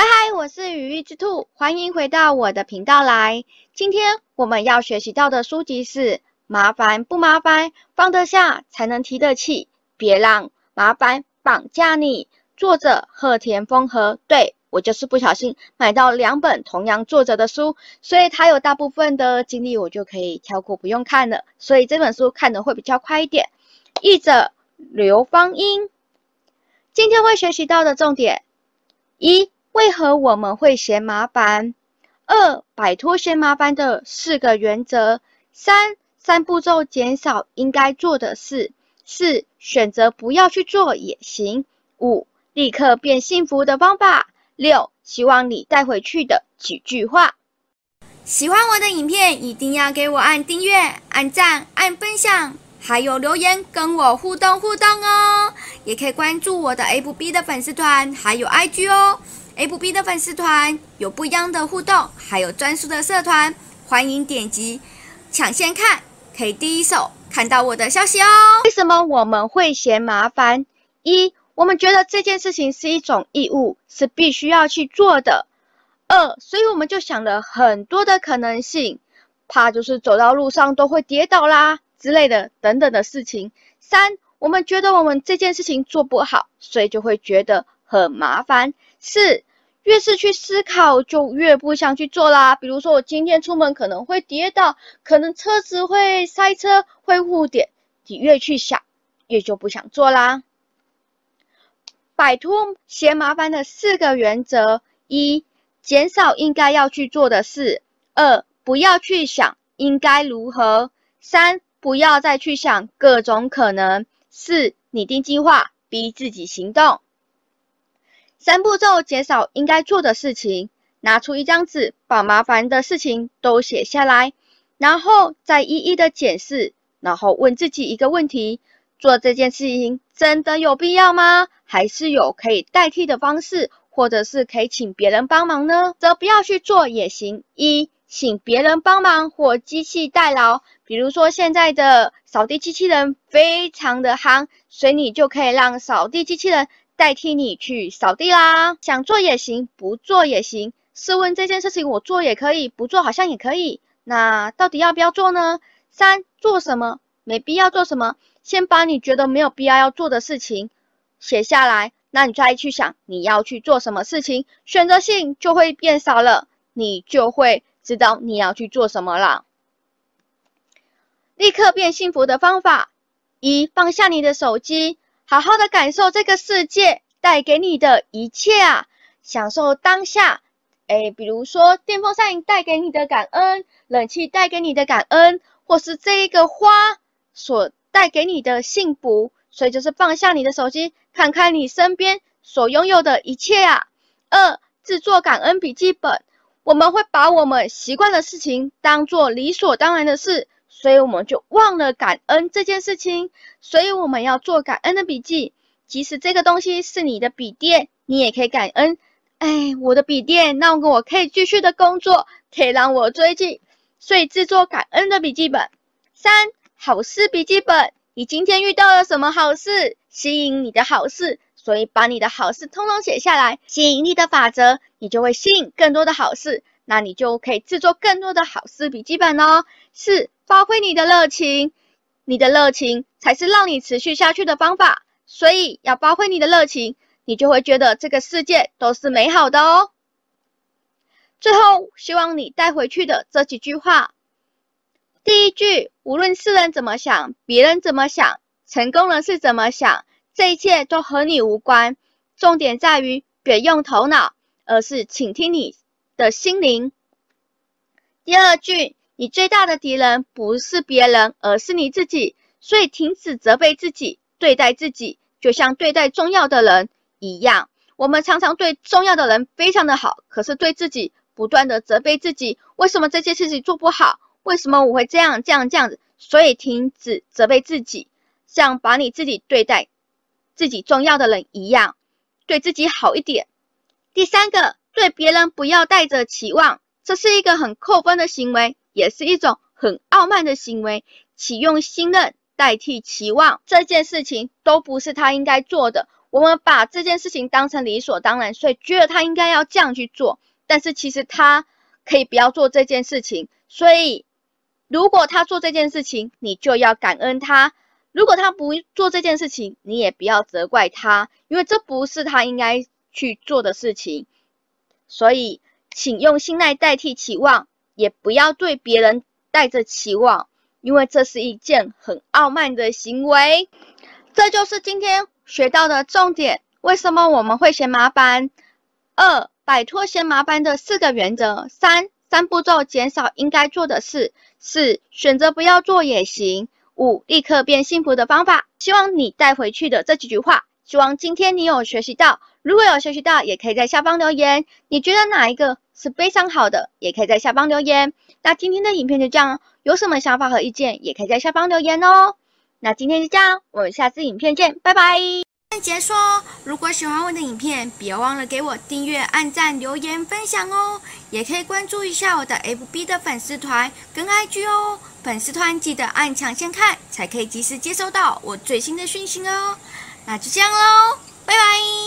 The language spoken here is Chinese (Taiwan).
嗨嗨，我是羽翼之兔，歡迎回到我的頻道來。今天我們要學習到的書籍是《麻煩不麻煩》，放得下才能提得起，別讓麻煩綁架你。作者賀田豐和，對，我就是不小心買到兩本同樣作者的書，所以他有大部分的經歷我就可以跳過不用看了，所以這本書看得會比較快一點。譯者劉芳英。今天會學習到的重點一。為何我們會嫌麻煩？二、擺脫嫌麻煩的四個原則。三、三步驟減少應該做的事。四、選擇不要去做也行。五、立刻變幸福的方法。六、希望你帶回去的幾句話。喜歡我的影片，一定要給我按訂閱、按讚、按分享。還有留言跟我互動互動哦，也可以關注我的 FB 的粉絲團，還有 IG 哦。FB 的粉絲團有不一樣的互動，還有專屬的社團，歡迎點擊搶先看，可以第一手看到我的消息哦。為什麼我們會嫌麻煩？一，我們覺得這件事情是一種義務，是必須要去做的。二，所以我們就想了很多的可能性，怕就是走到路上都會跌倒啦。之類的等等的事情。三，我們覺得我們這件事情做不好，所以就會覺得很麻煩。四，越是去思考，就越不想去做啦。比如說，我今天出門可能會跌倒，可能車子會塞車，會誤點，你越去想，越就不想做啦。擺脫嫌麻煩的四個原則：一，減少應該要去做的事；二，不要去想應該如何；三，不要再去想各種可能，四、擬定計劃，逼自己行動。三步驟：減少應該做的事情。拿出一張紙，把麻煩的事情都寫下來，然後再一一的檢視，然後問自己一個問題：做這件事情真的有必要嗎？還是有可以代替的方式，或者是可以請別人幫忙呢？則不要去做也行。一請別人幫忙或機器代勞，比如說現在的掃地機器人非常的夯，所以你就可以讓掃地機器人代替你去掃地啦。想做也行，不做也行。試問這件事情，我做也可以，不做好像也可以。那到底要不要做呢？三，做什麼？沒必要做什麼。先把你覺得沒有必要要做的事情寫下來，那你再去想你要去做什麼事情，選擇性就會變少了，你就會。知道你要去做什麼啦。立刻變幸福的方法：一、放下你的手機，好好的感受這個世界帶給你的一切啊，享受當下。誒、欸，比如說電風扇帶給你的感恩，冷氣帶給你的感恩，或是這一個花所帶給你的幸福。所以就是放下你的手機，看看你身邊所擁有的一切啊。二、制作感恩筆記本。我們會把我們習慣的事情當做理所當然的事，所以我們就忘了感恩這件事情。所以我們要做感恩的筆記。即使這個東西是你的筆電，你也可以感恩。哎，我的筆電讓我可以繼續的工作，可以讓我追劇，所以制作感恩的筆記本。三，好事筆記本，你今天遇到了什麼好事？吸引你的好事，所以把你的好事通通寫下來。吸引力的法則，你就會吸引更多的好事，那你就可以制作更多的好事筆記本哦。四、發揮你的熱情，你的熱情才是讓你持續下去的方法，所以要發揮你的熱情，你就會覺得這個世界都是美好的哦。最後，希望你帶回去的這幾句話：第一句，無論世人怎麼想，別人怎麼想。成功人士怎麼想？這一切都和你無關。重點在於別用頭腦，而是傾聽你的心靈。第二句，你最大的敵人不是別人，而是你自己。所以停止責備自己，對待自己就像對待重要的人一樣。我們常常對重要的人非常的好，可是對自己不斷的責備自己。為什麼這些事情做不好？為什麼我會這樣這樣這樣子？所以停止責備自己。像把你自己對待自己重要的人一樣，對自己好一點。第三個，對別人不要帶着期望，這是一個很扣分的行為，也是一種很傲慢的行為。啟用信任代替期望，這件事情都不是他應該做的。我們把這件事情當成理所當然，所以覺得他應該要這樣去做。但是其實他可以不要做這件事情。所以，如果他做這件事情，你就要感恩他。如果他不做這件事情，你也不要責怪他，因為這不是他應該去做的事情。所以，請用信賴代替期望，也不要對別人帶着期望，因為這是一件很傲慢的行為。這就是今天學到的重點。為什麼我們會嫌麻煩？二、擺脫嫌麻煩的四個原則。三、三步驟減少應該做的事。四、選擇不要做也行。五，立刻變幸福的方法。希望你帶回去的這幾句話，希望今天你有學習到。如果有學習到，也可以在下方留言。你覺得哪一個是非常好的，也可以在下方留言。那今天的影片就這樣，有什麼想法和意見，也可以在下方留言哦。那今天就這樣，我們下次影片見，拜拜。結束哦！如果喜歡我的影片，別忘了給我訂閱、按讚、留言、分享哦！也可以關注一下我的 FB 的粉絲團跟 IG 哦。粉絲團記得按搶先看，才可以及時接收到我最新的訊息哦。那就這樣嘍，拜拜！